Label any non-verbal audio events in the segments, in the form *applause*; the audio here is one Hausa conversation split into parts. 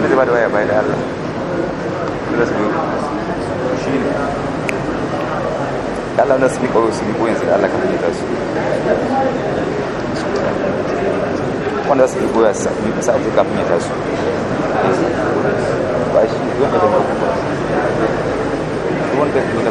wanda zai ba da waya bayan da Allah da Allah na su miƙo su miƙo yanzu da Allah kamar yadda su wanda su miƙo ya sa miƙo sa ajiye kafin yadda su ba shi wanda da miƙo wanda da miƙo da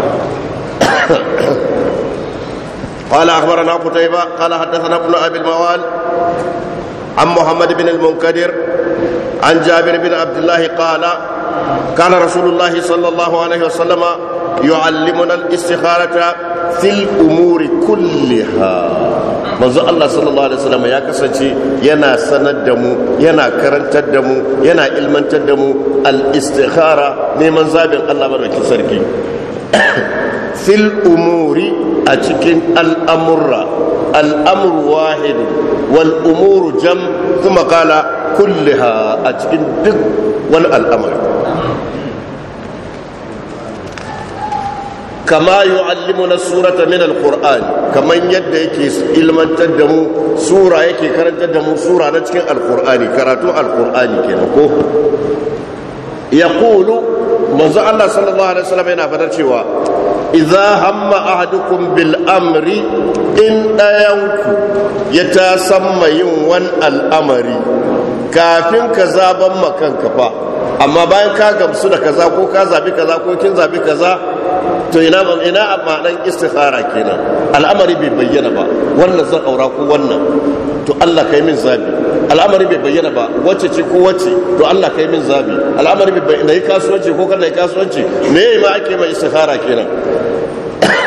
قال أخبرنا قتيبة قال حدثنا ابن أبي الموال عن محمد بن المنكدر عن جابر بن عبد الله قال كان رسول الله صلى الله عليه وسلم يعلمنا الاستخارة في الأمور كلها manzo Allah sallallahu alaihi wasallam ya kasance yana sanar da mu yana karantar da mu yana ilmantar da mu al-istikhara neman zabin Allah barkin sarki fil umuri a cikin al'amurra al'amur wahid wal umuru jam kuma kala ha, a cikin duk wani al'amur kama yi na surata min alkur'an kamar yadda yake ilmantar da mu sura yake karantar da mu sura na cikin alkur'ani karatu alkur'ani kenan ko ya kulu manzo Allah sallallahu alaihi wasallam yana fadar cewa Iza hamma ahadukum bil amri in ɗayanku ya ta ma yin wani al'amari kafin ka zaban makanka fa amma bayan ka gamsu da kaza ko ka zabi kaza ko kin zabi kaza to ina ina amma dan istikhara kenan al'amari bai bayyana ba wannan zan aura ko wannan to Allah kai min zabi al'amari bai bayyana ba wacce ce ko wacce to Allah kai min zabi al'amari bai bayyana yi kasuwanci ko kana yi kasuwanci me ma ake mai istikhara kenan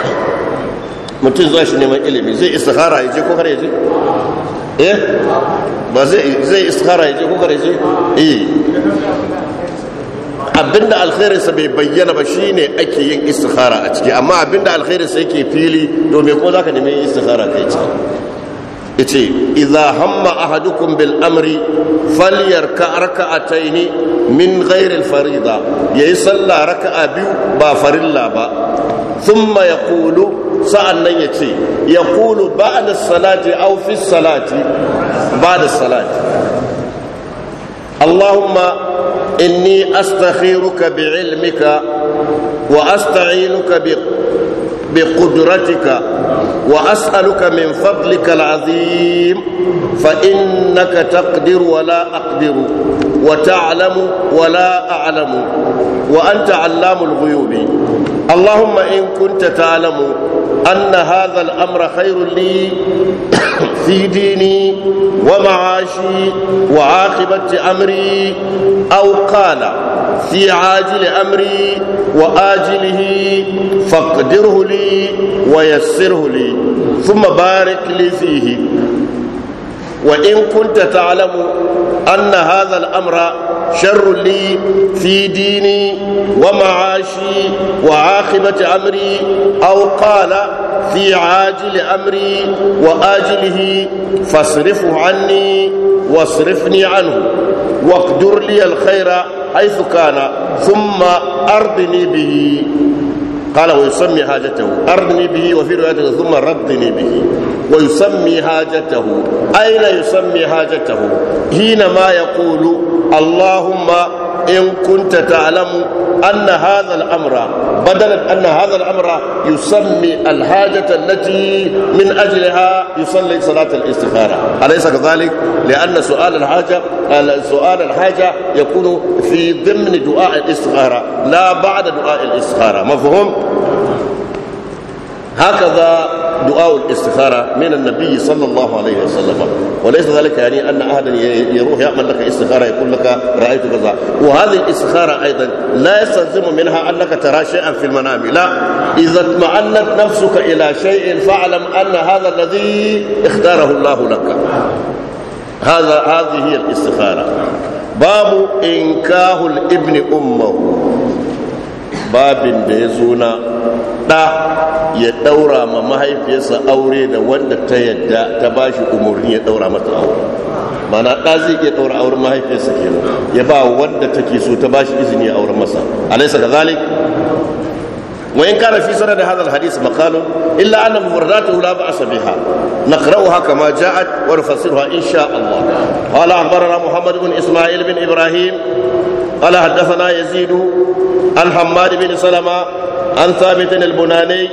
*coughs* mutum zai shi neman ilimi zai istikhara yaje je ko kare yaje je eh ba zai zai istikhara yaje je ko kare yaje je eh abinda alkhairinsa bai bayyana ba shine ake yin istikhara a ciki amma abinda alkhairinsa yake fili domin ko zaka nemi istikhara kai ce yace idza hamma ahadukum bil amri falyarka raka'ataini min ghairi al farida yayi sallah a biyu ba farilla ba thumma yaqulu sa'annan yace yaqulu ba'da salati aw fi salati ba'da salati allahumma إني أستخيرك بعلمك وأستعينك بقدرتك وأسألك من فضلك العظيم فإنك تقدر ولا أقدر وتعلم ولا أعلم وأنت علام الغيوب اللهم إن كنت تعلم أن هذا الأمر خير لي في ديني ومعاشي وعاقبة أمري أو قال في عاجل أمري وآجله فاقدره لي ويسره لي ثم بارك لي فيه وإن كنت تعلم أن هذا الأمر شر لي في ديني ومعاشي وعاقبة أمري أو قال في عاجل أمري وآجله فاصرفه عني واصرفني عنه واقدر لي الخير حيث كان ثم أرضني به قال ويسمي حاجته أرني به وفي رواية ثم ردني به ويسمي حاجته أين يسمي حاجته حينما يقول اللهم إن كنت تعلم أن هذا الأمر بدلا أن هذا الأمر يسمي الحاجة التي من أجلها يصلي صلاة الاستخارة أليس كذلك؟ لأن سؤال الحاجة سؤال الحاجة يكون في ضمن دعاء الاستخارة لا بعد دعاء الاستخارة مفهوم؟ هكذا دعاء الاستخارة من النبي صلى الله عليه وسلم وليس ذلك يعني أن أحدا يروح يعمل لك استخارة يقول لك رأيت كذا وهذه الاستخارة أيضا لا يستلزم منها أنك ترى شيئا في المنام لا إذا اطمأنت نفسك إلى شيء فاعلم أن هذا الذي اختاره الله لك هذا هذه هي الاستخارة باب إنكاه الابن أمه babin da ya zo na ɗa ya ɗaura ma mahaifiyarsa aure da wanda ta yadda ta ba shi umarni ya ɗaura mata aure mana ɗa zai iya ɗaura auren mahaifiyarsa ke ya ba wanda take so ta ba shi izini ya auren masa alaisa da zalik wayan kana fi sanar da hadal hadis makalu illa anna mufradatuhu la ba'as biha naqra'uha kama ja'at wa nufassiruha insha Allah qala akhbarana muhammad bin isma'il bin ibrahim qala hadathana yazid عن حماد بن سلمة عن ثابت البناني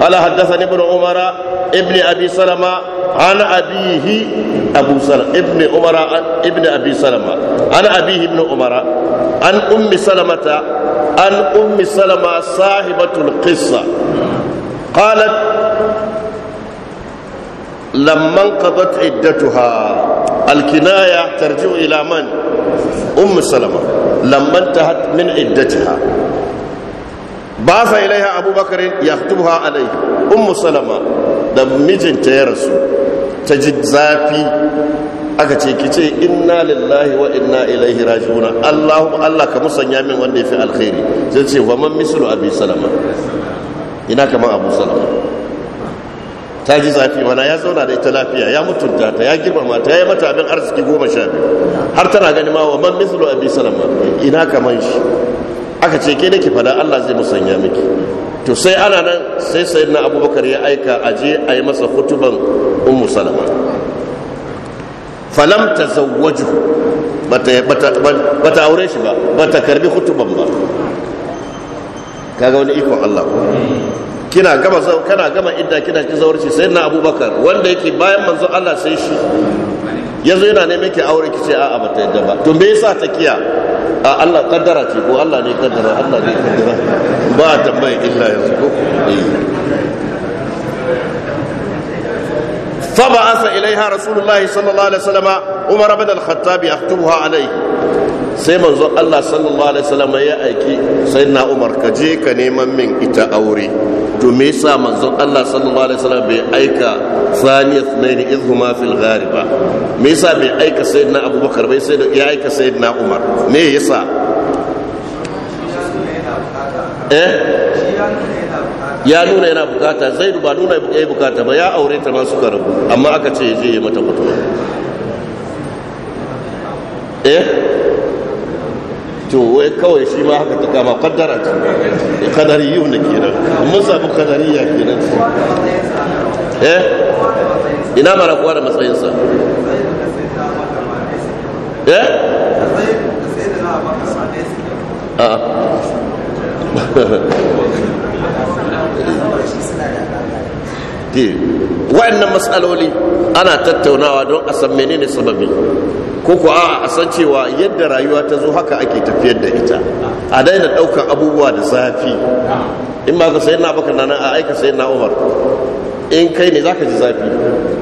قال حدثني ابن عمر ابن أبي سلمة عن أبيه أبو سلمة ابن عمر ابن أبي سلمة عن أبيه ابن عمر عن أم سلمة عن أم سلمة صاحبة القصة قالت لما انقضت عدتها الكناية ترجع إلى من؟ أم سلمة Lambanta ta min iddatiha ba sa ilaiha abubakar ya tubuha alai ummu salama da mijinta ya rasu ta ji zafi aka ce ki ce inna lillahi wa inna ilaihi raji'una allahumma allah ka musanya min wanda ya fi alkhairi zai ce wa man mislu abu salama ina kaman abu salama ta ji zafi mana ya zauna da ita lafiya ya mutunta ta ya girmama ta ya yi mata abin arziki goma sha biyu har tana gani ma wa man mislu abi salama ina kaman shi aka ce ke nake fada Allah zai musanya miki to sai ana nan sai na abubakar ya aika a je a yi masa hutuban ummu salama falam tazawwaju bata bata bata aure shi ba bata karbi hutuban ba kaga wani ikon Allah kina gama kana gama idda kina ki zaurci sai na abubakar wanda yake bayan manzo Allah sai shi yanzu yana neman ki aure ki ce a'a bata yadda ba to me yasa ta kiya a Allah kaddara ce ko Allah ne kaddara Allah ne kaddara ba tambaye illa yanzu ko eh فبعث إليها رسول الله صلى الله عليه وسلم عمر بن الخطاب يخطبها عليه sai manzon Allah sallallahu alaihi wasallam ya aiki sai na Umar ka je ka neman min ita aure to me yasa manzon Allah sallallahu alaihi wasallam bai aika saniya sunaini izhuma fil ghariba me yasa bai aika sayyidina Abubakar bai sai ya aika sayyidina Umar me yasa eh ya nuna yana bukata zai ba nuna ya yi bukata ba ya aure ta masu karabu amma aka ce zai yi mata mutuwa eh to wai kawai shi ma haka ta kama kaddara ta kadari yiwu da kira mun samu kadari ya kira eh ina mara kuwa da matsayinsa eh a *laughs* wa'annan matsaloli ana tattaunawa don a san menene sababi ko a a san cewa yadda rayuwa ta zo haka ake tafiyar da ita a daina daukan abubuwa da zafi in ma ka sayi na baka nan a aika sayi na umar in kai ne zaka ji zafi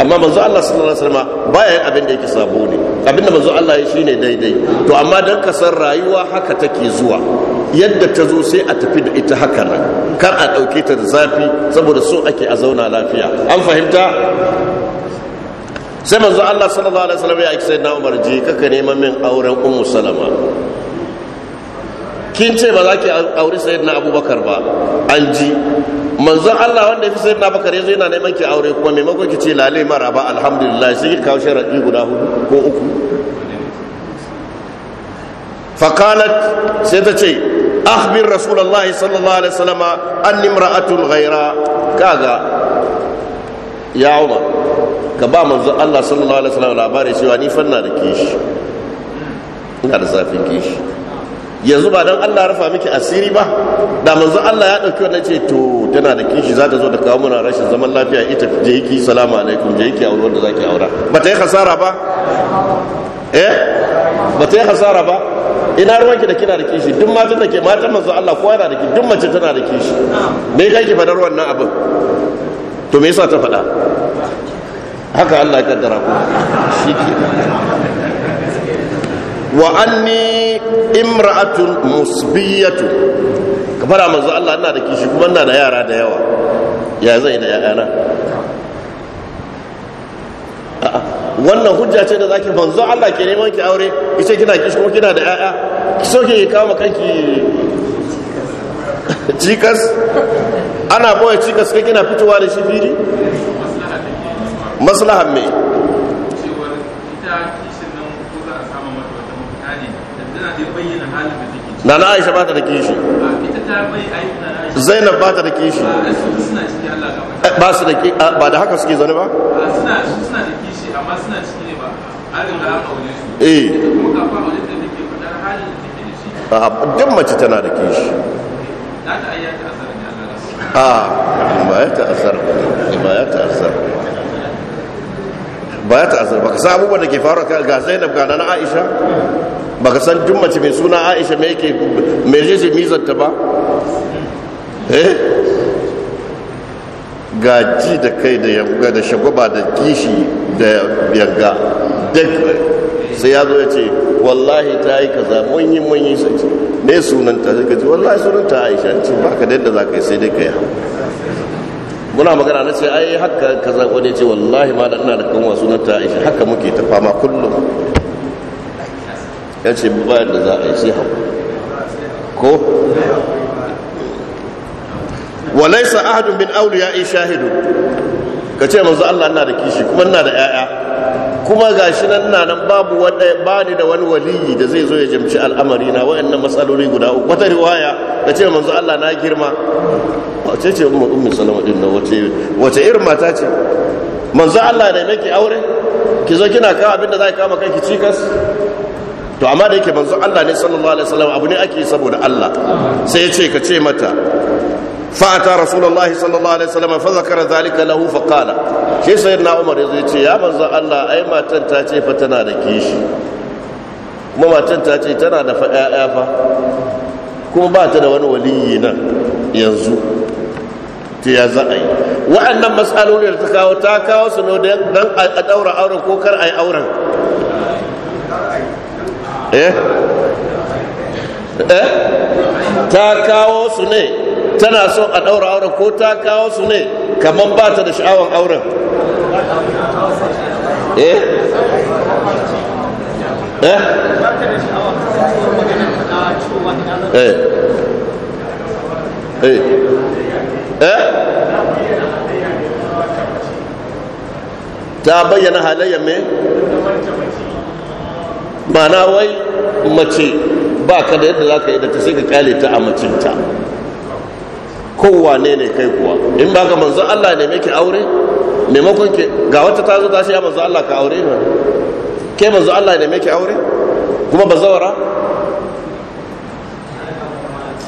amma manzo Allah sallallahu alaihi wasallam baya yin abin da yake sabo ne abin da manzo Allah ya shine daidai to amma dan ka san rayuwa haka take zuwa yadda ta zo sai a tafi da ita haka nan kar a ɗauke ta da zafi saboda so ake a zauna lafiya an fahimta sai manzo Allah sallallahu alaihi wasallam ya aiki sai na Umar ji kaka neman min auren Ummu Salama kin ce ba za ki aure sayyidina Abubakar ba an ji manzo Allah wanda yafi sayyidina Abubakar yazo yana neman ki aure kuma maimakon ki ce lale mara ba alhamdulillah sai ki kawo sharadi guda hudu ko uku fakalat sai ta ce akhbir rasulullahi sallallahu alaihi wasallam ya umar ka ba manzo Allah sallallahu alaihi wasallam labari cewa ni fanna da kishi ina da zafin kishi yanzu ba don Allah rufa miki asiri ba da manzo Allah ya dauki wannan ce to tana da kishi za ta zo da kawo muna rashin zaman lafiya ita je yiki salamu alaikum je yiki aure wanda zaki aura ba ta yi hasara ba eh ba ta yi hasara ba ina ki da kina da kishi duk matan da ke matan manzo Allah kowa yana da kishi duk mace tana da kishi me kai ki fadar wannan abin to me yasa ta fada haka Allah ya kaddara ku shi wa anni imra'atun musbiyatu ka fara manzo Allah ina da kishi kuma ina da yara da yawa ya zai da yana wannan hujja ce da zaki banzo Allah ke neman ki aure yace kina kishi kuma kina da 'ya'ya ki so ki kama kanki cikas ana boye cikas kai kina fitowa da shi fili maslahan me na na aisha ba ta da kishi zainab ba ta da kishi ba su da ba da haka suke zane ba amma suna ciki ne ba an riga an aure su eh kuma kafa aure da nake fadar halin da take da shi a ah, duk mace tana da kishi na ta ayyata asar ne Allah a ah, ba ya ta asar ba ya ta asar ba ya ta'azzar ba ka san abubuwan da ke faru ga zainab ga na aisha ba ka san duk mace mai suna aisha mai yake mai jeje mizanta ba eh ga ji da kai da yabga da shagwaba da kishi da yarga duk sai ya zo ya ce wallahi ta yi kaza mun yi mun yi sai ne sunanta sai ka ce wallahi sunanta aisha ce ba ka da yadda za ka yi sai dai ka yi muna magana na ce ai haka kaza wani ce wallahi ma da ina da kanwa sunanta aisha haka muke ta fama kullum ya ce ba yadda za a yi sai hau ko walaisa ahadun bin auliya shahidu ka ce manzo Allah ina da kishi kuma ina da yaya kuma gashi nan ina nan babu wanda ba ni da wani waliyi da zai zo ya jimci al'amari na wayannan matsaloli guda uku wata riwaya ka ce manzo Allah na girma wace ce ummu ummi salama din nan wace wace irin mata ce manzo Allah da miki aure ki zo kina kawo abin da zai kama kanki cikas to amma da yake manzo Allah ne sallallahu alaihi wasallam abu ne ake saboda Allah sai ya ce ka ce mata fa’ata rasulullah sallallahu alaihi salama fazakar zalika lahu faƙala ke sayar na umar ya ce ya manzan allah ai matan ta ce fa tana da kishi kuma matan ta ce tana da fa’ya’ya kuma ba ta da wani waliyi yanzu ta ya za a yi wa’annan matsaloli da ta kawo ta kawo su ne don a daura auren ko kar a yi auren ta kawo su ne tana son a ɗaura auren ko ta kawo su ne kamar ba ta da sha'awar auren eh? Eh? Eh. ta bayyana halayyar mai mana wai mace ba ka da yadda za ka yi da ta sai ka kyale ta a macinta kowa ne ne kai kuwa in ba ga manzo Allah ne ke aure maimakon ke ga wata ta zo ta shi ya manzo Allah ka aure ne ke manzo Allah ne ke aure kuma ba zawara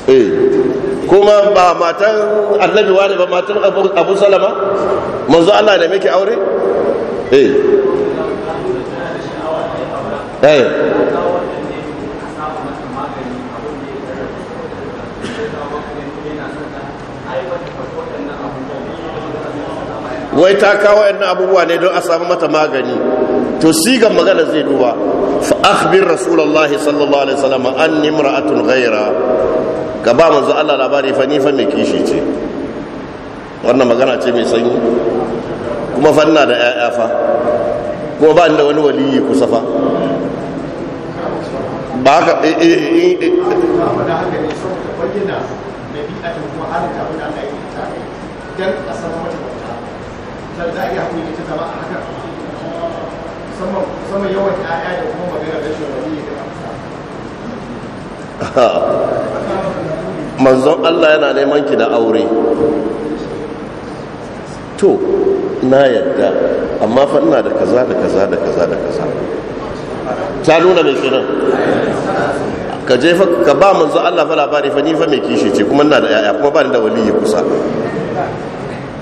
eh kuma ba matan annabi wani ba matan abu salama manzo Allah ne ke aure eh eh wai ta kawo wayannan abubuwa ne don a samu mata magani to sigan magana zai duba fa akhbir rasulullah sallallahu alaihi wasallam anni imra'atun ghaira ka ba manzo Allah labari fa ni fa me kishi ce wannan magana ce mai sanyi kuma fanna da ƴaƴa fa ko ba da wani waliyi kusa fa ba haka eh eh eh, eh. dan za a iya haƙuri da ita zama a haka musamman yawan ƴaƴa da kuma maganar rashin wani *laughs* manzon Allah yana neman ki da aure to na yadda amma fa ina da kaza da kaza da kaza da kaza ta nuna mai kenan ka je fa ka ba manzon Allah fa labari fa ni fa mai kishi ce kuma ina da yaya kuma ba ni da waliyi kusa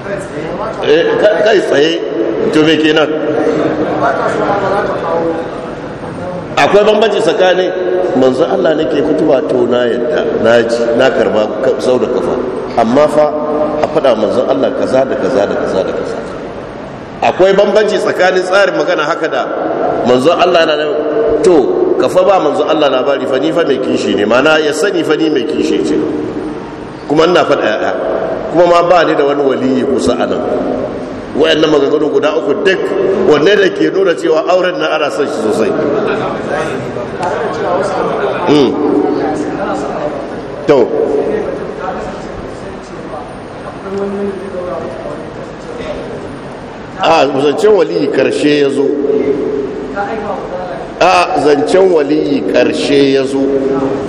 Eh, kai tsaye to me ke nan akwai bambanci tsakanin manzo Allah nake kutuba to na yadda na ji na karba sau da kafa amma fa a fada manzo Allah kaza da kaza da kaza da kaza akwai bambanci tsakanin tsarin magana haka da manzo Allah na to kafa ba manzo Allah labari fa ni fa mai kishi ne mana ya sani fa ni mai kishi ce kuma ina fada ya kuma ma ba ni da wani waliyi kusa anan nan maganganu guda uku duk wanne da ke nuna cewa auren na ana son shi sosai hmm. to a zancen waliyi karshe ya zo a zancen waliyi karshe ya zo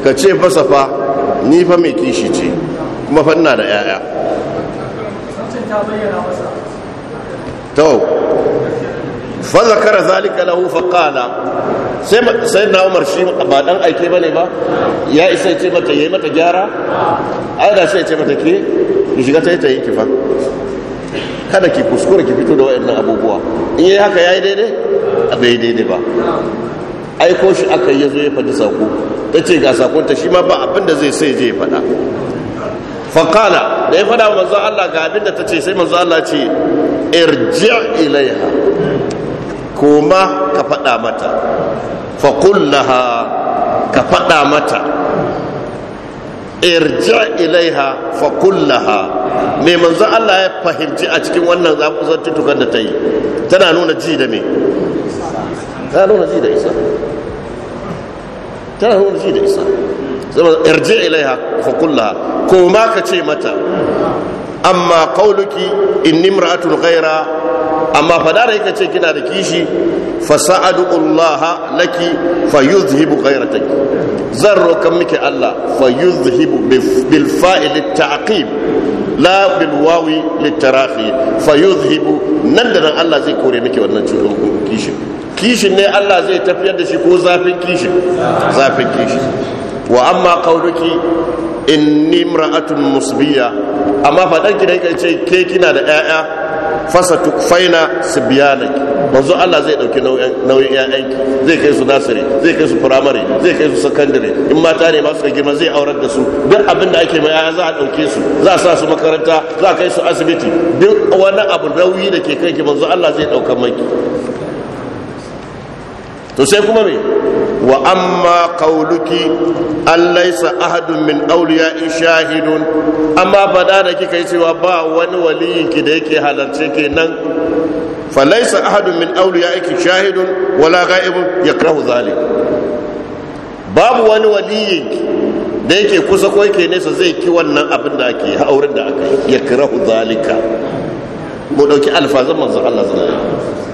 ka ce fasa ni fa mai kishi ce kuma fanna da 'ya'ya to fazakara zalika lahu fa qala sai sai na Umar shi ba dan aike bane ba ya isa ya ce mata yayi mata gyara ai da sai ya ce mata ke ki shiga ta ta yake fa kada ki kuskure ki fito da wayannan abubuwa in yayi haka yayi daidai a bai daidai ba ai ko shi aka yi yazo ya fadi sako tace ce ga sakonta shi ma ba abin da zai sai je fada fa qala da ya faɗa manzo Allah ga abinda ta ce sai manzo Allah ce irji ilaiha kuma ka fada mata fa kullaha ka fada mata irji ilaiha fa kullaha me manzo Allah ya fahimci a cikin wannan zakuzar tutukan da ta yi tana nuna ji da me tana nuna ji da isa tana nuna ji da isa irji ilaiha hukulla ko ma ka ce mata amma qauluki inni imra'atun ghaira amma fa da yake ce kina da kishi fasa'adullaha laki fayuzhibu ghairataki zan rokan miki Allah fayuzhibu bil fa'il ta'qib la bil wawi litarahi fayuzhibu nan da nan Allah zai kore miki wannan cutar kishin kishin ne Allah zai tafiyar da shi ko zafin kishin zafin kishin wa amma in ni imra'atun musbiya amma fadan ki dai kai ce ke kina da ƴaƴa fasa tukfaina sibyanaki manzo Allah zai dauki nauyin ki zai kai su nasiri zai kai su firamare zai kai su sakandare in mata ne masu girma zai aurar da su duk abin da ake mai ƴaƴa za a dauke su za a sa su makaranta za a kai su asibiti duk wani abu nauyi da ke kai ki manzo Allah zai dauka maki to sai kuma me wa amma kauluki allaisa ahadun min auliya in shahidun amma fada da kika yi cewa ba wani waliyin ki da yake halarce ke nan fa falaisa ahadun min auliya ki shahidun wala ga'ibu ya krahu zali babu wani waliyin da yake kusa ko yake nesa zai ki wannan abin da ake haurin da aka yi ya krahu zalika mu dauki alfazan manzo Allah zalika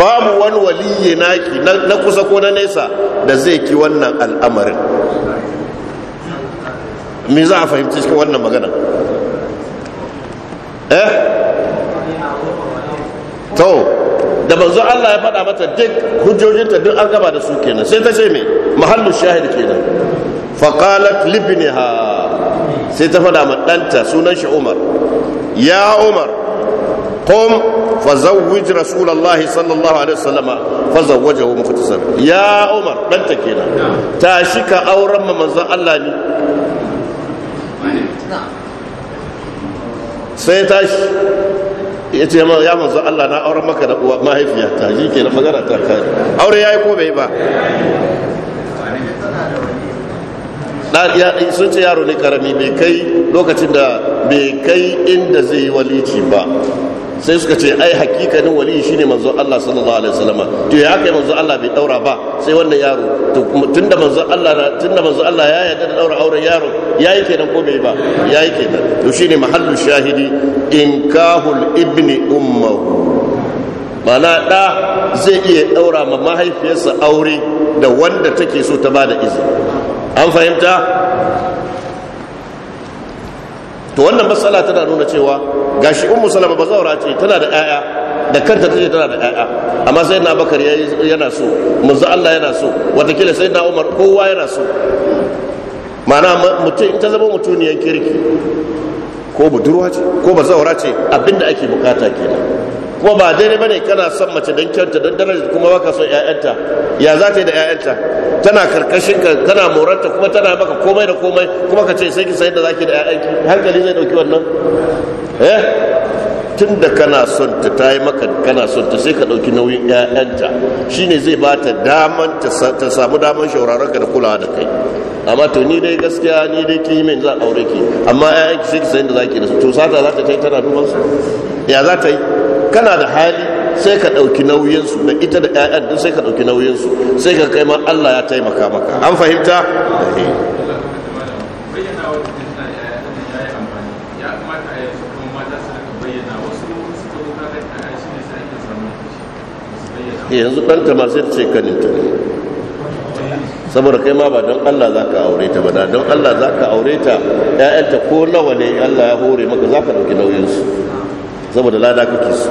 babu wani waliyi naki na kusa ko na nesa da zai ki wannan al'amarin me za a fahimci cikin wannan magana eh to da banzu Allah ya fada mata duk hujjojinta duk an gaba da su kenan sai ta ce me mahallu shahid kenan faqalat libniha sai ta faɗa ma ɗanta sunan shi Umar ya Umar qum فزوج رسول sallallahu alaihi الله عليه وسلم ya umar dan ta دنت tashi ka auren ma manzon Allah ne sai tashi ya ce ya manzon Allah na auren maka da uwa mahaifiya ta ke na magana ta kai aure yayi ko bai ba sun ce yaro ne karami bai kai lokacin da bai kai inda zai yi walici ba sai suka ce ai hakikanin wali shine manzon Allah sallallahu alaihi wasallam to ya kai manzon Allah bai daura ba sai wannan yaro to tunda manzon Allah tunda manzon Allah ya yarda da daura auren yaro yayi kenan ko bai ba yayi kenan to shine mahallu shahidi in kahul ibni ummuhu mana ɗa zai iya ɗaura ma mahaifiyarsa aure da wanda take so ta bada izini an fahimta to wannan matsala tana nuna cewa gashi ummu salama zaura ce tana da ƴaƴa da kanta tace tana da ƴaƴa amma sai na bakar yana so manzo Allah yana so watakila sai na umar kowa yana so ma'ana mutum ta zama mutuniyar kirki ko budurwa ce ko ba zaura ce abinda ake bukata kenan kuma ba daidai bane kana son mace don kyanta don darajar kuma baka son ƴaƴanta ya za ta yi da ƴaƴanta tana karkashin ka tana moranta kuma tana maka komai da komai kuma ka ce sai ki sayar da zaki da ƴaƴanki hankali zai dauki wannan eh tun da kana son ta ta yi maka kana son ta sai ka ɗauki nauyin 'ya'yanta shine zai ba ta daman ta samu daman shauraron ka da kulawa da kai amma to ni dai gaskiya ni dai ki min za aure ki amma 'ya'yanki sai ki sayar da zaki da su to sata za ta ta yi tana duban su ya za ta yi kana da hali sai ka ɗauki nauyinsu da ita da ƴaƴan din sai ka ɗauki nauyinsu sai ka kai ma allah ya taimaka maka an fahimta eh, yanzu ɗanta ma sai ce kaninta saboda kai ma ba don allah za ka aure ta ba don allah za ka aure ta 'ya'yanta ko nawa ne allah ya hore maka za ka ɗauki nauyinsu saboda lada kake su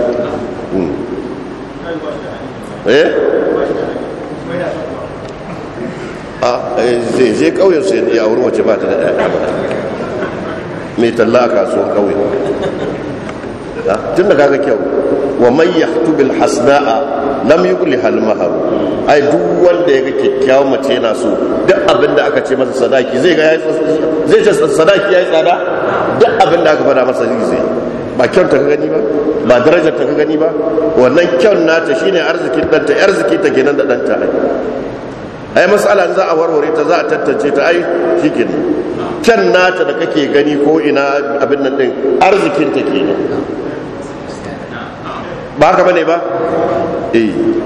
hmm. eh a ah, zai eh, kauyen su ya wuri wace ba ta da ɗaya mai talla a kasuwan kauye ah, tun da kaga kyau wa mai yahtubil hasna'a lam yukli hal mahar ai duk wanda ya ga kyakkyawan mace yana so duk abin da aka ce masa sadaki zai ga ya yi sadaki yayi tsada duk abin da aka fada masa zai ba kyau ta gani ba ba darajar ta gani ba wannan kyau nata shine arzikin danta arziki ta kenan da danta ai ai mas'ala za a warware ta za a tantance ta ai shikenan kyan nata da kake gani ko ina abin nan din arzikin ta kenan ba haka bane ba eh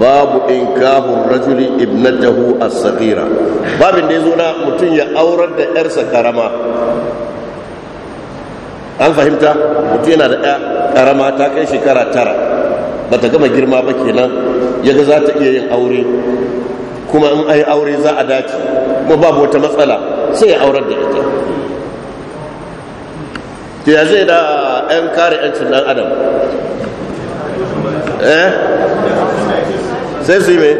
babu in kahun rajuli ibnatahu as-saghira babin da yazo na mutun ya aurar da yarsa karama an fahimta mutum yana da ya karama ta kai shekara tara ba ta gama girma ba kenan Yaga za ta iya yin aure kuma in ai aure za a dace kuma babu wata matsala sai ya aurar da ita ya zai da 'yan kare 'yancin dan adam eh sai su yi mai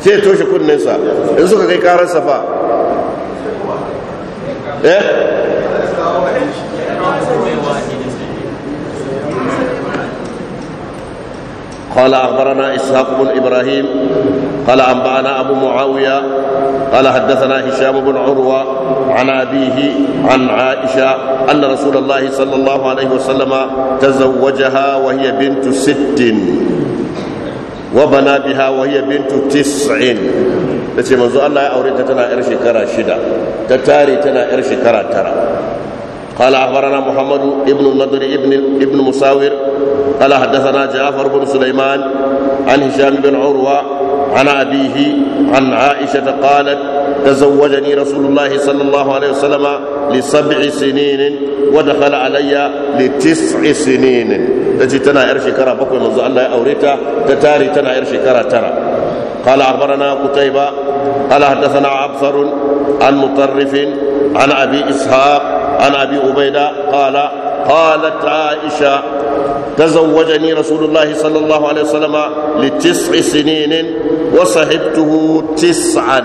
sai ya toshe kunninsa in suka kai karar safa eh قال أخبرنا إسحاق بن إبراهيم قال أنبأنا أبو معاوية قال حدثنا هشام بن عروة عن أبيه عن عائشة أن رسول الله صلى الله عليه وسلم تزوجها وهي بنت ست wa bana biha wa bintu 90 tace manzo Allah ya aure ta tana yar shekara 6 ta tare tana yar shekara tara. qala akhbarana muhammad musawir qala ja'far ibn sulaiman an hisham urwa an abihi an aisha qalat tazawwajani rasulullah ودخل علي لتسع سنين تجي تنا ير شكرا بكوي منذ الله أوريتا تتاري تنا ير شكرا ترى قال أخبرنا قتيبة قال حدثنا عبثر عن مطرف عن أبي إسحاق عن أبي عبيدة قال قالت عائشة تزوجني رسول الله صلى الله عليه وسلم لتسع سنين وصحبته تسعا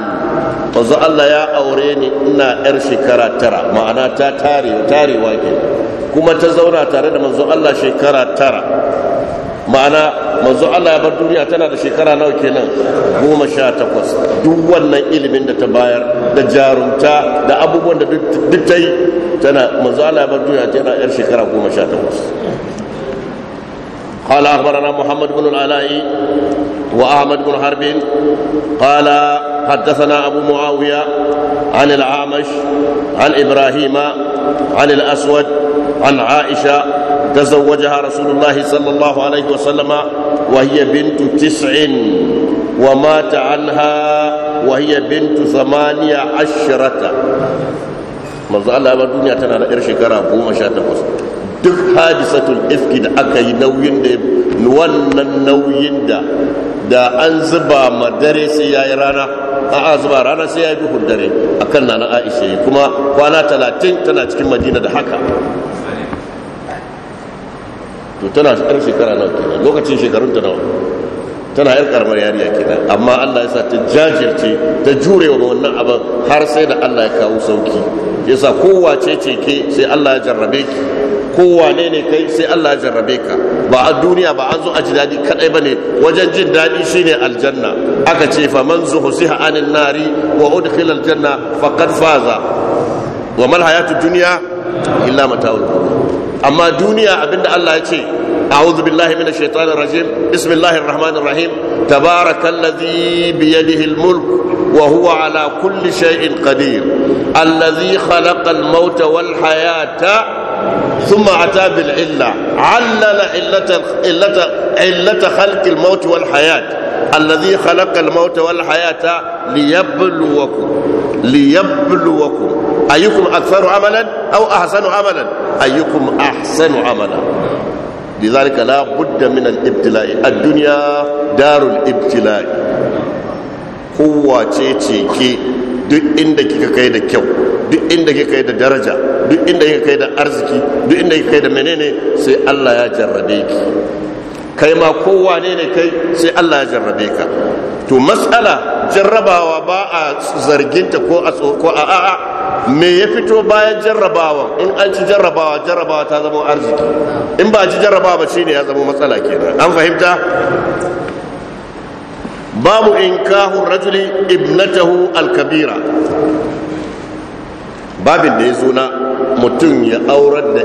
manzo Allah ya aure ni ina yar shekara tara ma'ana ta tare tarewa ke kuma ta zauna tare da manzo Allah shekara tara ma'ana manzo Allah ya bar duniya tana da shekara nawa kenan goma sha takwas duk wannan ilimin da ta bayar da jarumta da abubuwan da duk ta yi tana manzo Allah ya bar duniya tana yar shekara goma sha takwas قال أخبرنا محمد بن العلاء وأحمد بن حرب قال حدثنا أبو معاوية عن العامش عن إبراهيم عن الأسود عن عائشة تزوجها رسول الله صلى الله عليه وسلم وهي بنت تسع ومات عنها وهي بنت ثمانية عشرة manzo Allah tana da 'yar shekara goma sha duk hadisatul ifki da aka yi nauyin da wannan nauyin da da an zuba madare sai ya yi rana a'a zuba rana sai ya yi duhun dare a kan nana aisha yi kuma kwana talatin tana cikin madina da haka to tana ɗan shekara nawa kenan lokacin shekarun ta nawa tana yar karamar yariya kenan amma Allah ya sa ta jajirce ta jure wa wannan abin har sai da Allah ya kawo sauki yasa kowace ce ke sai Allah ya jarrabe ki kowane ne kai sai Allah ya jarrabe ka ba a duniya ba an zo a ji daɗi kaɗai ba ne wajen jin daɗi shine aljanna aka ce fa man zuhsiha anin nari wa udkhila aljanna faqad faza wa mal hayatu dunya illa mata'ul amma duniya abinda Allah ya ce أعوذ بالله من الشيطان الرجيم بسم الله الرحمن الرحيم تبارك الذي بيده الملك وهو على كل شيء قدير الذي خلق الموت والحياة ثم أتى بالعلة علل علة, علة, علة خلق الموت والحياة الذي خلق الموت والحياة ليبلوكم ليبلوكم أيكم أكثر عملا أو أحسن عملا أيكم أحسن عملا لذلك لا بد من الابتلاء الدنيا دار الابتلاء ce ke duk inda kika kai da kyau duk inda kika kai da daraja duk inda kika kai da arziki duk inda kika kai da menene sai Allah ya jarrabe ki kai ma kowa ne ne kai sai Allah ya jarrabe ka to matsala jarrabawa ba a zarginta ko a tsoko a a'a me ya fito bayan jarrabawa in an ci jarrabawa jarrabawa ta zama arziki in ba ci jarrabawa ba shine ya zama matsala kenan an fahimta babu in kahu rajuli ibnatahu alkabira babin da ya zo na mutum ya aurar da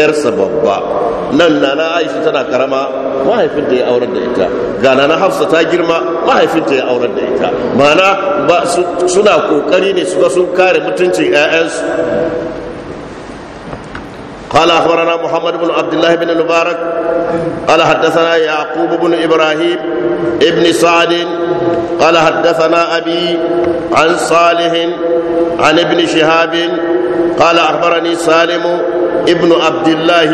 yarsa babba nan nana aisha tana karama mahaifinta ya aurar da ita ga nana hafsa ta girma mahaifinta ya aurar da ita mana suna kokari ne su ga sun kare mutuncin 'ya'yansu قال اخبرنا محمد بن عبد الله بن المبارك قال حدثنا يعقوب بن ابراهيم ابن سعد قال حدثنا ابي عن صالح عن ابن شهاب قال اخبرني سالم ابن عبد الله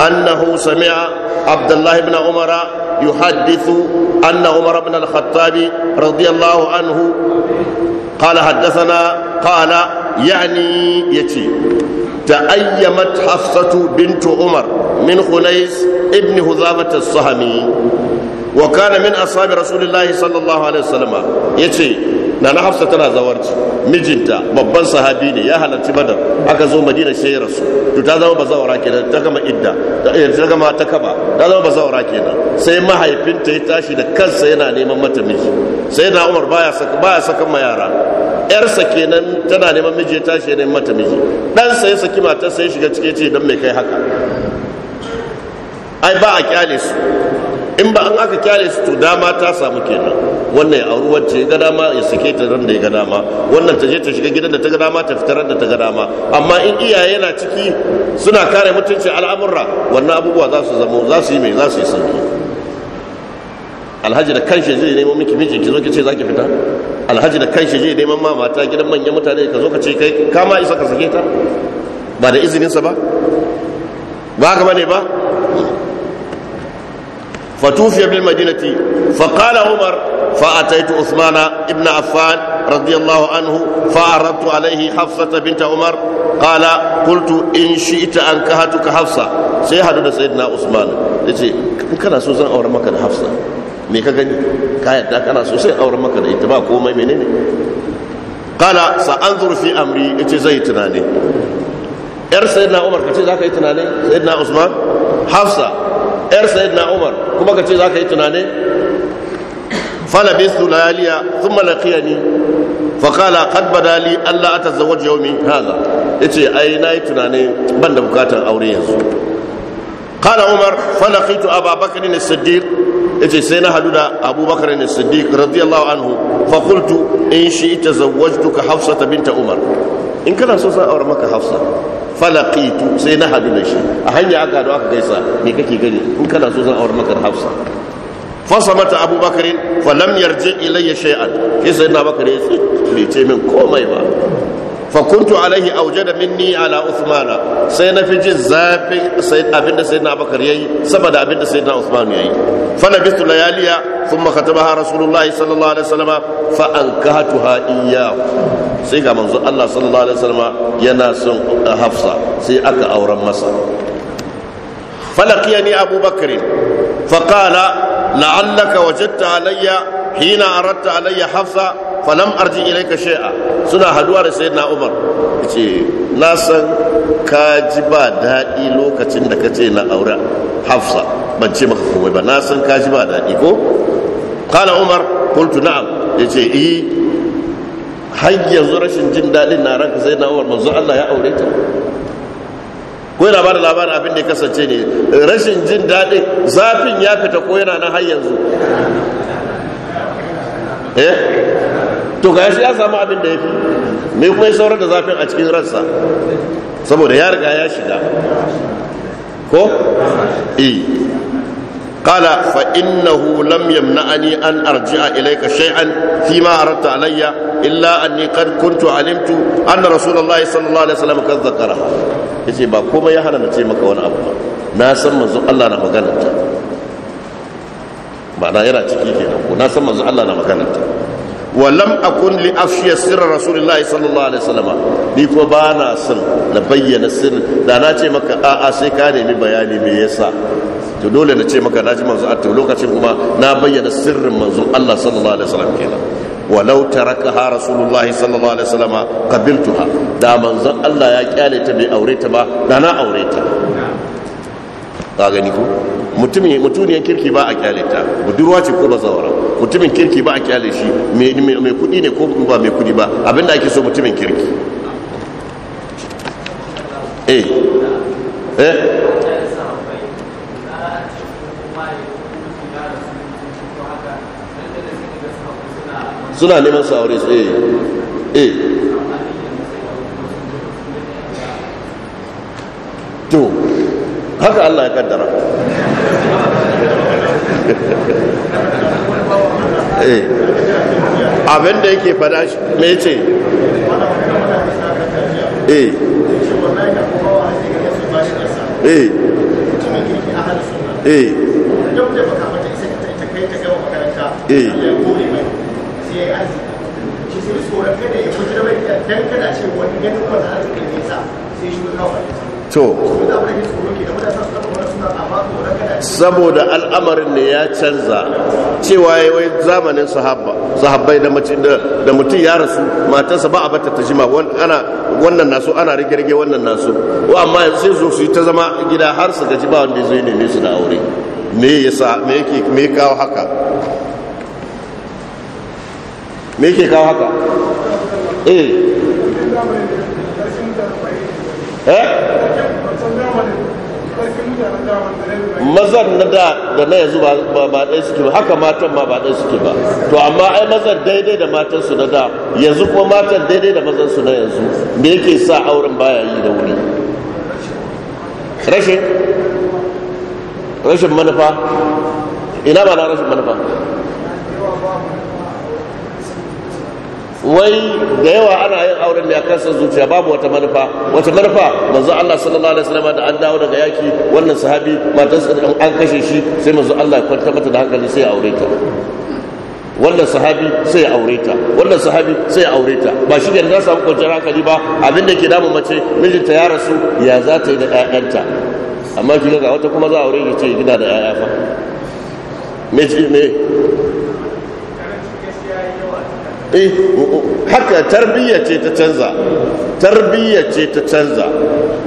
أنه سمع عبد الله بن عمر يحدث أن عمر بن الخطاب رضي الله عنه قال حدثنا قال يعني يتي تأيمت حفصة بنت عمر من خنيس ابن هذابة الصهمي وكان من أصحاب رسول الله صلى الله عليه وسلم يتي nana hafsa tana zawarci mijinta babban sahabi ne ya halarci badar aka zo madina sai ya rasu to ta zama bazawara kenan ta gama idda eh, ta gama ta kaba ta zama bazawara kenan sai mahaifinta ya tashi da kansa yana neman mata miji sai na umar baya saka baya saka ma yara yarsa kenan tana neman miji ya tashi ya neman mata miji ɗansa ya saki sai ya shiga cike ce dan mai kai haka ai ba a kyale su in ba an aka kyale su to dama ta samu kenan wannan ya auri wacce ga dama ya sake ta ran da ya ga dama wannan ta je ta shiga gidan da ta ga dama ta fita ran da ta ga dama amma in iyaye na ciki suna kare mutuncin al'amurra wannan abubuwa za su zama za su yi mai za su yi sauki alhaji da kanshi zai nemo miki miji ki zo ki ce za ki fita alhaji da kanshi zai neman ma mata gidan manyan mutane ka zo ka ce kai kama isa ka sake ta ba da izininsa ba ba haka bane ba فتوفي بالمدينة فقال عمر فأتيت عثمان ابن عفان رضي الله عنه فعرضت عليه حفصة بنت عمر قال قلت إن شئت أنكهتك حفصة سيهد سيدنا عثمان يجي كان سوزان أو رمك حفصة me ka gani kayan ta kana sosai auren maka da ita ba komai menene kala sa'anzur fi amri yace zai tunani yar sayyidina umar kace zaka yi tunani sayyidina usman hafsa yar sayyidina umar kuma ka ce za ka yi tunanin falabistu layaliya thumma laqiyani faƙala kad badali Allah ta zawaj yaumi haza yace ai yi tunani ban da bukatar aure yanzu Kala umar falaqitu aba bakr as-siddiq yace sai na hadu da abubakar bakr siddiq radiyallahu anhu fa qultu in shi tazawwajtuka hafsa binta umar in kana so sai aure maka hafsa falakitu sai na hadu da shi a hanya aka da aka gaisa me kake gani in kana so zan aure maka hausa fasa mata abubakar falam yarje ilayya shay'an sai sai na bakare sai ce min komai ba fakuntu alaihi aujada minni ala uthmana sai na fi jin zafin sai abinda sayyidina abakar yayi saboda abinda sayyidina uthman yayi fa labistu layaliya thumma katabaha rasulullahi sallallahu alaihi wasallam fa ha iyyahu sai ga manzo Allah sallallahu alaihi wasallam yana son uh, Hafsa sai aka auren masa falaqiyani Abu Bakr fa qala la'allaka wajadta alayya hina aradta alayya Hafsa falam arji ilaika shay'a suna haduwa da sayyidina umar yace na san ka ji ba daɗi lokacin da kace na aure hafsa ban ce maka komai ba na san ka ji ba daɗi ko kana umar qultu na'am yace eh har yanzu rashin jin daɗin na ranka sayyidina na umar manzo Allah ya aure ta ko yana bada labarin abin da ya kasance ne rashin jin daɗin zafin ya fita ko yana nan har yanzu eh to ga shi ya samu abin da ya fi mai kuma ya saurar da zafin a cikin ransa saboda ya riga ya shiga ko? e kala fa innahu lam yamna'ani an arji'a ilayka shay'an fi ma aradta alayya illa anni qad kuntu alimtu anna rasulullahi sallallahu alaihi wasallam kad zakara yace ba komai ya hana na ce maka wani abu ba na san manzo Allah na maganar ta ba na yana ciki kenan ko na san manzo Allah na maganar ta Walam lam akun li afshiya sirra rasulullahi sallallahu alaihi wasallam ni ko ba na son na bayyana sirri da na ce maka a'a sai ka nemi bayani me yasa to dole na ce maka naji manzo atto lokacin kuma na bayyana sirrin manzo Allah sallallahu alaihi wasallam kenan walau tarakaha rasulullahi sallallahu alaihi wasallam qabiltuha da manzo Allah ya kyale ta bai aure ta ba da na aure ta ka gani ko mutumin mutuniyar kirki ba a kyale ta budurwa ce ko bazawara mutumin kirki ba a kyale shi mai kudi ne ko ba mai kudi ba abinda ake so mutumin kirki eh eh suna neman saurin su eh eh to haka Allah ya kaddara *laughs* Eh. abinda yake fada shi mai ce eh. Eh. eh to saboda al'amarin ne ya canza cewa ya wai zamanin sahabbai da mutum ya rasu matansa ba a bata ta jima wannan nasu ana rige-rige wannan nasu wa amma sai zo su yi ta zama gida har su gaji ba wanda zai neme su da aure me sa me yake me kawo haka me yake kawo haka eh eh mazan na da da na yanzu ba ba dai suke ba haka matan ma ba dai suke ba to amma ai mazan daidai da matan su na da yanzu kuma matan daidai da mazan su na yanzu me yake sa auren baya yi da wuri rashin rashin manufa ina ba na rashin manufa wai da yawa ana yin auren ne a kansa zuciya babu wata manufa wata manufa manzo Allah sallallahu alaihi wasallam da an dawo daga yaki wannan sahabi Matan da an kashe shi sai manzo Allah ya kwanta mata da hankali sai ya aure ta wannan sahabi sai ya aure ta wannan sahabi sai ya aure ta ba shi ne za samu kwanciyar hankali ba abin da ke damu mace mijinta ya rasu ya za ta yi da ƴaƴanta amma kika ga wata kuma za a aure ki ce gida da ƴaƴa fa me Eh, haka tarbiyya ce ta canza tarbiyya ce ta canza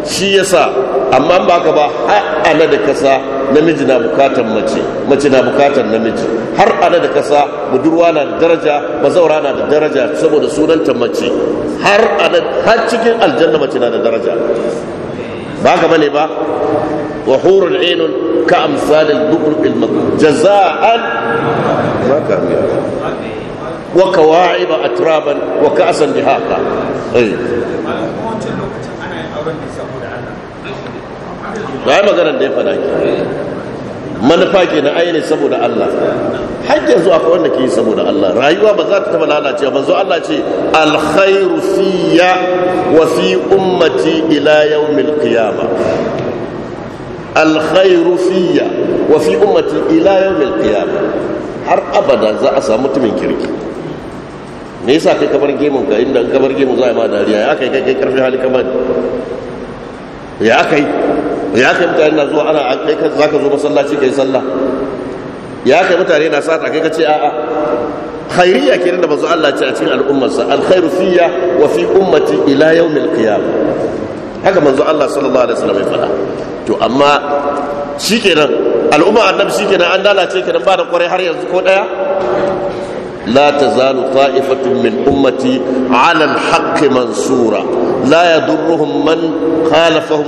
shi yasa amma ba ka ba har ana da kasa namiji na bukatar mace mace na bukatar namiji har ana da kasa budurwa na da daraja bazaura na da daraja saboda sunanta mace har ana har cikin aljanna mace na da daraja ba ka bane ba wa hurul ainun ka amsalil buqr al jaza'an ma ka Waka wa'iba وكواعب waka وكأسا دهاقا أي ba eh. maganar da ya fada ke manufa ke na aini saboda Allah Hajji yanzu akwai wanda ke yi saboda Allah rayuwa ba za ta taba lalace ba zo Allah ce alkhairu fiya wa fi ummati ila yawmil qiyama alkhairu fiya wa fi ummati ila yawmil qiyama har abada za a samu mutumin kirki me yasa kai kamar gemun ka inda kamar gemun za a ma dariya ya kai kai kai karfi hali kamar ya kai ya kai mutane na zuwa ana kai ka zaka zo masallaci kai sallah ya kai mutane na sata kai ka ce a'a khairiyya ke da manzo Allah ce a cikin al'ummarsa alkhairu fiyya wa fi ummati ila yawmil qiyam haka manzo Allah sallallahu alaihi wasallam ya faɗa to amma shikenan al'umma annabi shikenan an dalace kenan ba da kwarai har yanzu ko daya لا تزال طائفة من أمتي على الحق منصورة لا يضرهم من خالفهم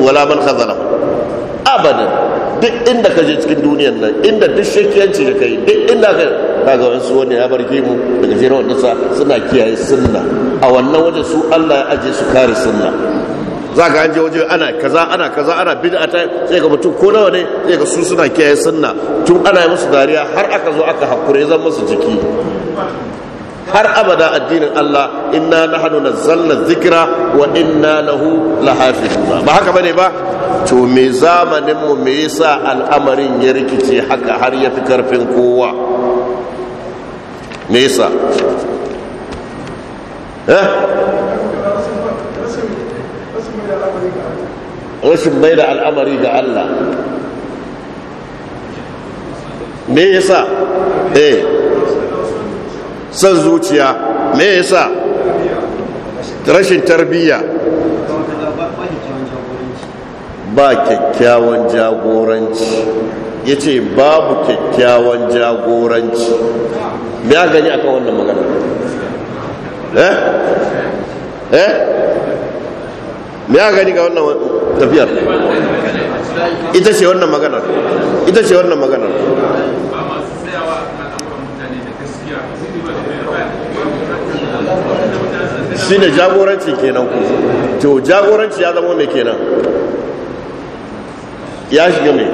ولا من خذلهم أبدا duk inda ka je cikin duniyar nan inda duk shekiyanci ka kai duk inda ka kaga wasu wani ya barke mu daga jerin wadda suna kiyaye sunna a wannan waje su Allah ya aje su kare sunna za ka waje ana kaza ana kaza ana a ta sai ga mutum ko nawa ne sai ga su suna kiyaye sunna tun ana yi musu dariya har aka zo aka hakure zan musu jiki har abada addinin Allah inna na nazzalna dhikra wa inna lahu lahafizun ba haka bane ba to me zamanin mu me yasa al'amarin ya rikice haka har ya fi karfin kowa me yasa eh rashin mai da al'amari ga Allah me yasa eh san zuciya me yasa rashin tarbiyya ba kyakkyawan jagoranci ya ce babu kyakkyawan jagoranci ya gani akan wannan magana eh eh me ya gani ga wannan tafiyar ita ce wannan maganar ita ce wannan maganar shi ne jagoranci kenan ku to jagoranci ya zama mai kenan ya shiga mai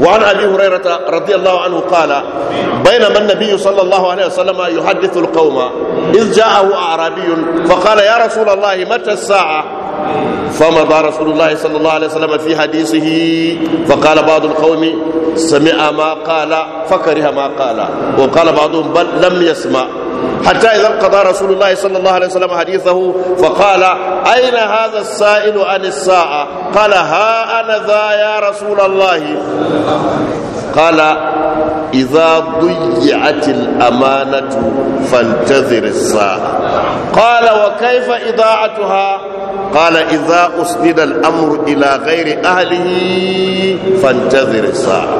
وعن ابي هريره رضي الله عنه قال بينما النبي صلى الله عليه وسلم يحدث القوم إذ جاءه أعرابي فقال يا رسول الله متى الساعة فمضى رسول الله صلى الله عليه وسلم في حديثه فقال بعض القوم سمع ما قال فكره ما قال وقال بعضهم بل لم يسمع حتى إذا قضى رسول الله صلى الله عليه وسلم حديثه فقال أين هذا السائل عن الساعة قال ها أنا ذا يا رسول الله قال iza duyyatil amanatu fantazir as-sa'a qala wa kayfa idaa'atuha qala iza usnida al ila ghairi ahlihi fantazir as-sa'a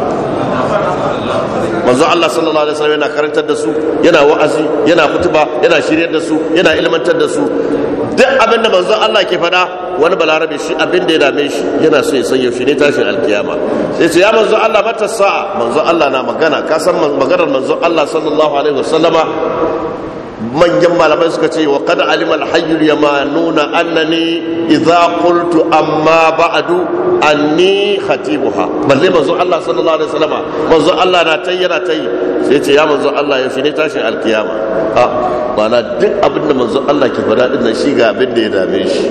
Allah sallallahu alaihi wasallam yana karantar da su yana wa'azi yana kutuba yana shiryar da su yana ilmantar da su duk abinda manzo Allah ke faɗa. wani balarabe shi abin da ya dame shi yana so ya san yaushe ne tashin alkiyama sai ce ya manzo Allah mata sa'a manzo Allah na magana ka san maganar manzo Allah sallallahu alaihi wasallama manyan malamai suka ce wa qad alima al-hayy yamanuna annani idza qultu amma ba'du anni khatibuha balle manzo Allah sallallahu alaihi wasallama manzo Allah na tayi yana tayi sai ce ya manzo Allah yaushe ne tashin alkiyama ha ma'ana duk abin da manzo Allah ke faɗa din nan shi ga abin da ya dame shi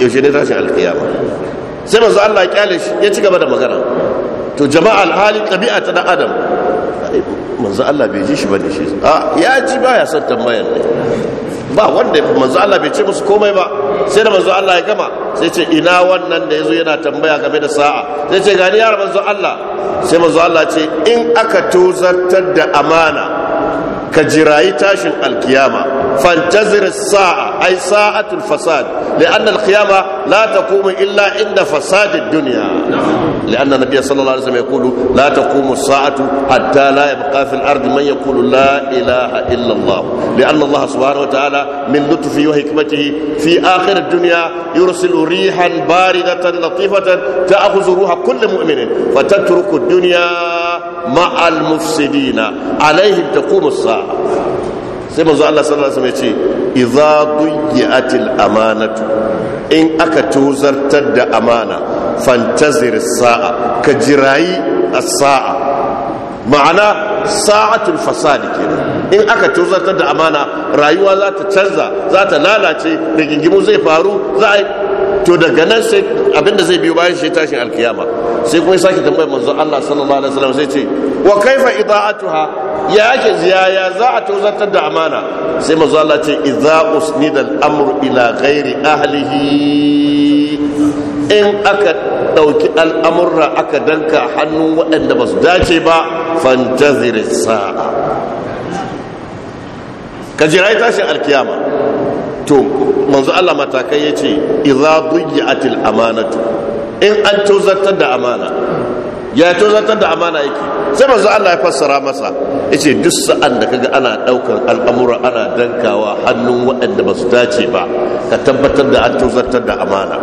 yaushe ne tashin alkiyama sai manzo Allah ya kyale shi ya ci gaba da magana to jama'a alhali tabi'a ta dan adam manzo Allah bai ji shi ba bane shi a ya ji ba ya son tambayar ne ba wanda manzo Allah bai ce musu komai ba sai da manzo Allah ya gama sai ce ina wannan da yazo yana tambaya game da sa'a sai ce gani ya manzo Allah sai manzo Allah ce in aka tozartar da amana ka jirayi tashin alkiyama فانتظر الساعة أي ساعة الفساد لأن القيامة لا تقوم إلا عند فساد الدنيا لأن النبي صلى الله عليه وسلم يقول لا تقوم الساعة حتى لا يبقى في الأرض من يقول لا إله إلا الله لأن الله سبحانه وتعالى من لطفه وحكمته في آخر الدنيا يرسل ريحا باردة لطيفة تأخذ روح كل مؤمن فتترك الدنيا مع المفسدين عليهم تقوم الساعه sai manzo Allah sallallahu alaihi wasallam ya ce idza duyiatil amanatu in aka tuzartar da amana fantazir sa'a ka jirayi as-sa'a ma'ana sa'atul fasadi kenan in aka tuzartar da amana rayuwa za ta canza za ta lalace da rigingimu zai faru za a to daga nan sai abinda zai biyo bayan shi tashin alkiyama sai kuma sake tambayar manzo Allah sallallahu alaihi wasallam sai ce wa kaifa ida'atuha ya yake ziyaya za a tozartar da amana sai manzo Allah ce idza usnida al-amru ila ghairi ahlihi in aka dauki al'amurra aka danka hannun waɗanda ba su dace ba fantazir sa'a ka jira tashin alkiyama to manzo Allah matakai ya yace idza atil amanatu in an tozartar da amana ya tozartar da amana yake sai manzo Allah ya fassara masa yace duk sa'an da kaga ana daukar al'amura ana dankawa hannun waɗanda ba su dace ba ka tabbatar da an tozartar da amana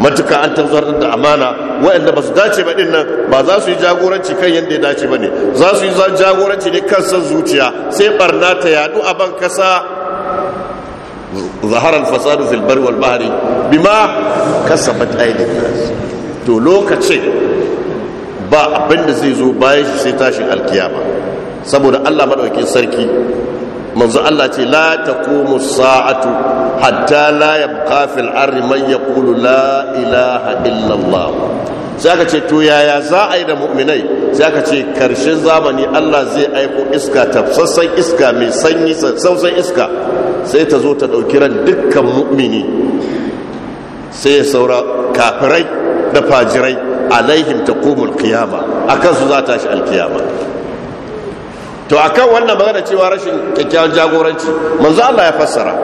matuka an tozartar da amana waɗanda ba su dace ba din nan ba za su yi jagoranci kan yadda ya dace ba ne za su yi jagoranci ne kan san zuciya sai barna ta yadu a ban kasa zahara al-fasadu fil barri wal bahri bima kasabat aydin nas to lokacin ba abin da zai zo bayan shi sai tashin alkiyama saboda Allah madaukakin sarki manzo Allah ce la taqumu sa'atu hatta la kafin fil ardi man yaqulu la ilaha illa sai aka ce to yaya za a yi da mu'minai sai aka ce karshen zamani Allah zai aiko iska tafsassan iska mai sanyi sausan iska sai ta zo ta ɗauki ran dukkan mu'mini sai ya saura kafirai da fajirai alaihim ta komul kiyama a kansu za ta shi alkiyama to a kan wannan magana cewa rashin kyakkyawan jagoranci manzo Allah ya fassara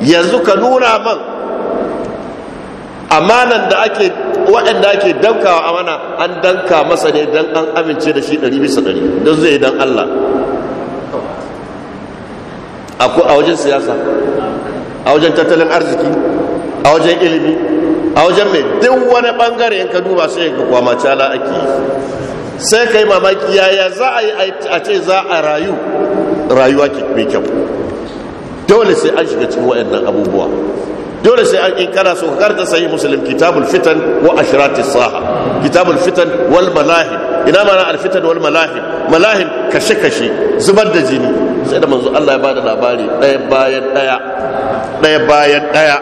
yanzu ka nuna man amanan da ake waɗanda ake dankawa amana an danka masa ne don an amince da shi ɗari bisa ɗari don zai don Allah a wajen siyasa a wajen tattalin arziki a wajen ilimi a wajen mai duk wani ɓangare yanka duba sai ga kwamace ala ake yi sai ka yi mamaki yaya za a yi a ce za a rayu rayuwa ke mai kyau dole sai an shiga cikin waɗannan abubuwa dole sai an in kana so ka karanta sahih muslim kitabul fitan wa ashrati saha kitabul fitan wal malahim ina mana al fitan wal malahim malahim kashe kashe zubar da jini sai da manzo Allah ya bada labari daya bayan daya daya bayan daya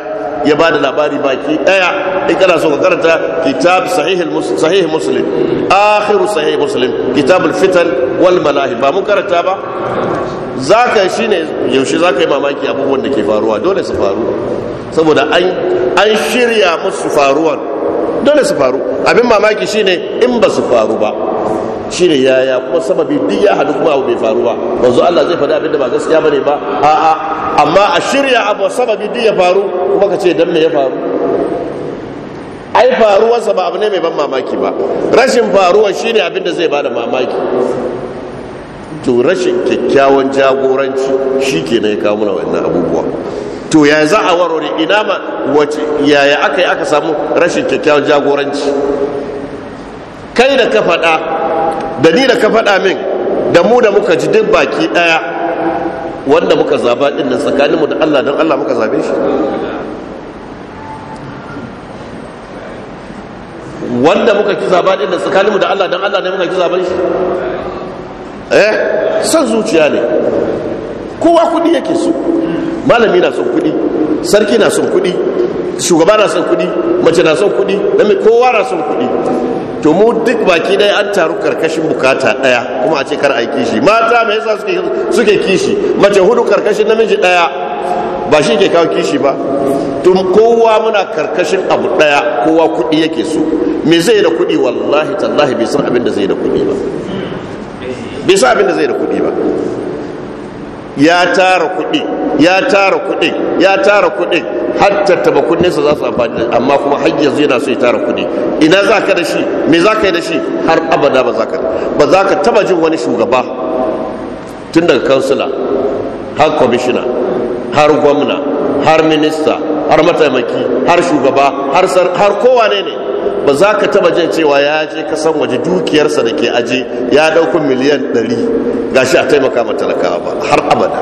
ya ba da labari baki daya in kana so ka karanta kitab sahih sahih muslim akhir sahih muslim kitab al-fitan wal malahib ba mun karanta ba zaka shine yaushe zaka yi mamaki abubuwan da ke faruwa dole su faru saboda an an shirya musu faruwar dole su faru abin mamaki shine in ba su faru ba shine yaya kuma sababi duk ya hadu kuma abu bai faruwa wanzu Allah zai faɗi abin da ba gaskiya bane ba a'a amma a shirya abu sababi duk ya faru kuma ka ce dan me ya faru ai faruwarsa ba abu ne mai ban mamaki ba rashin faruwa shine abin da zai bada mamaki to rashin kyakkyawan jagoranci shi ke na ya kawo muna wannan abubuwa to ya za a warware ina ma wace yaya aka yi aka samu rashin kyakkyawan jagoranci kai da ka faɗa da ni da ka faɗa min da mu da muka ji duk baki ɗaya wanda muka zaba din nan tsakaninmu da Allah don Allah muka zabe shi wanda muka ki zaba din nan tsakaninmu da Allah don Allah ne muka ki zaba shi eh san zuciya ne kowa kudi yake so malami na son kudi sarki na son kudi shugaba na son kudi mace na son kudi kowa na son kudi to mu duk baki ɗaya an taru karkashin bukata ɗaya kuma a ce kar a yi kishi mata me yasa suke kishi mace hudu karkashin namiji ɗaya ba shi ke kawo kishi ba tun kowa muna karkashin abu ɗaya kowa kuɗi yake so me zai da kuɗi wallahi tallahi bai san abin da zai da kuɗi ba bai san abin da zai da kuɗi ba ya tara kuɗi ya tara kuɗi ya tara kuɗi har tattaba kuɗin za su amfani amma kuma har yanzu yana so ya tara kuɗi ina za ka da shi me za ka yi da shi har abada ba za ka ba za ka taba jin wani shugaba tun daga kansila har kwamishina har gwamna har minista har mataimaki har shugaba har kowa ne ne ba za ka taba jin cewa ya je kasan waje dukiyarsa da ke aje ya ɗauko miliyan 100 gashi a taimaka ma talakawa ba har abada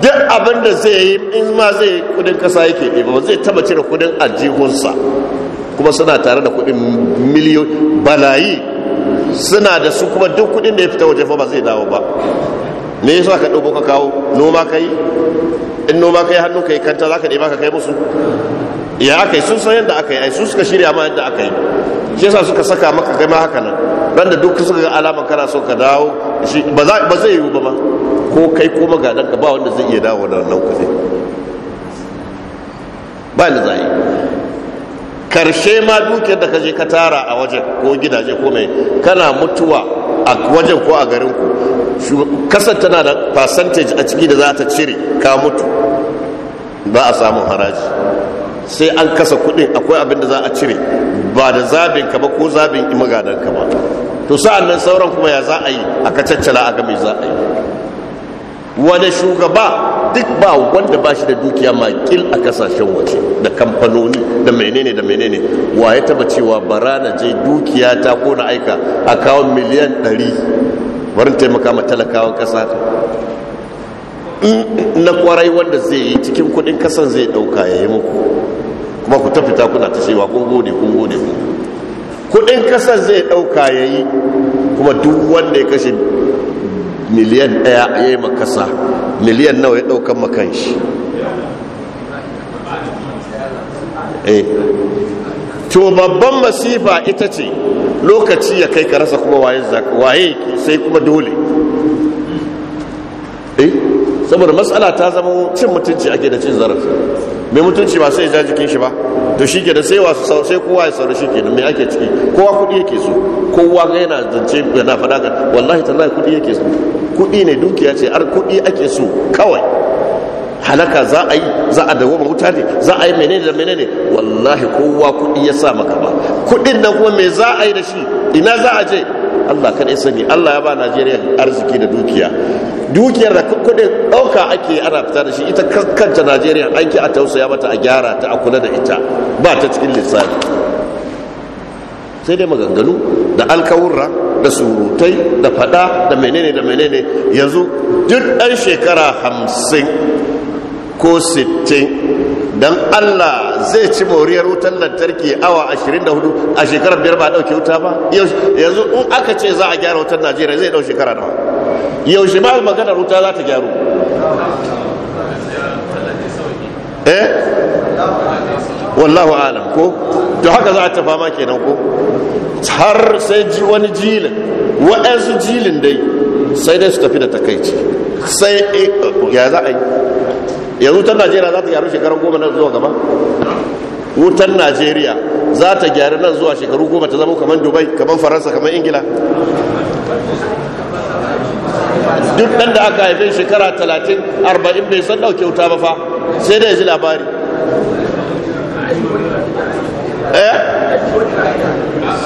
duk abin da zai yi in ma zai kudin kasa yake ba zai taba cire kudin aljihunsa kuma suna tare da kudin miliyoyi balayi suna da su kuma duk kudin da ya fita waje ba zai dawo ba me yasa ka ɗauko ka kawo noma ka yi in noma ka yi hannu ka yi kanta za ka ba ka kai musu ya aka yi sun san yadda aka yi sun suka shirya ma yadda aka yi shi yasa suka saka maka kai ma haka nan randa da duk suka ga alama kana so ka dawo ba zai yiwu ba ma ko kai ko magadan ka ba wanda zai iya dawo da wannan kuɗi ba da zai karshe ma dukiyar da je ka tara a wajen ko gidaje ko mai kana mutuwa a wajen ko a garin ku kasar tana da percentage a ciki da za ta cire ka mutu ba a samun haraji sai an kasa kudin akwai abin da za a cire ba da zabin ka ba ko zabin magadan ka ba to sa'an nan sauran kuma ya za a yi a caccala a game za a yi wani shugaba duk ba wanda ba shi da dukiya makil a kasashen waje da kamfanoni da menene da menene wa ya taba cewa bara na je dukiya ta kona aika a kawo miliyan 100 warin taimaka ma talakawan kasa na kwarai wanda zai yi cikin kudin kasan zai dauka ya yi muku kuma ku tafi kuna ta cewa kun gode kun gode kun kudin kasar zai dauka yi kuma duk wanda ya kashe miliyan daya ya yi makasa miliyan nawa ya daukan makan shi eh. to babban masifa ita ce lokaci ya kai ka rasa kuma waye waye sai kuma dole eh saboda matsala ta zama cin mutunci ake da cin zarafi mai mutunci ba sai ya jajikin shi ba to shi da sai wasu sai kowa ya sauri shi kenan me ake ciki kowa kuɗi yake so kowa ga yana zance yana faɗa ga wallahi tallahi kuɗi yake so kuɗi ne dukiya ce ar kuɗi ake so kawai halaka za a yi za a dawo mutane za a yi menene da menene wallahi kowa kuɗi ya sa maka ba kuɗin nan kuma me za a yi da shi ina za a je Allah kan isa sani Allah ya ba Najeriya arziki da dukiya dukiyar da kuɗin ɗauka ake ana fita da shi ita kanta Najeriya aiki a tausaya mata a gyara ta a kula da ita ba ta cikin lissafi sai dai maganganu da alkawurra da surutai da fada da menene da menene yanzu duk ɗan shekara hamsin ko sittin dan Allah zai ci moriyar wutar lantarki awa 24 a shekarar biyar ba dauke wuta ba yanzu in aka ce za a gyara wutar najeriya zai dau shekara nawa yaushe ma magana wuta za ta gyaru eh wallahu alam ko to haka za a ta fama kenan ko har sai ji wani jilin waɗansu jilin dai sai dai su tafi da takaici sai eh, ya za a yi yanzu ta najeriya za ta gyaru shekarar goma nan zuwa gaba wutan najeriya za ta gyaru nan zuwa shekaru goma ta zama kamar dubai kamar faransa kamar ingila duk ɗan da aka haifin shekara talatin arba'in bai san ɗauke wuta ba fa sai da ya ji labari eh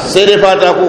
sai dai fata ko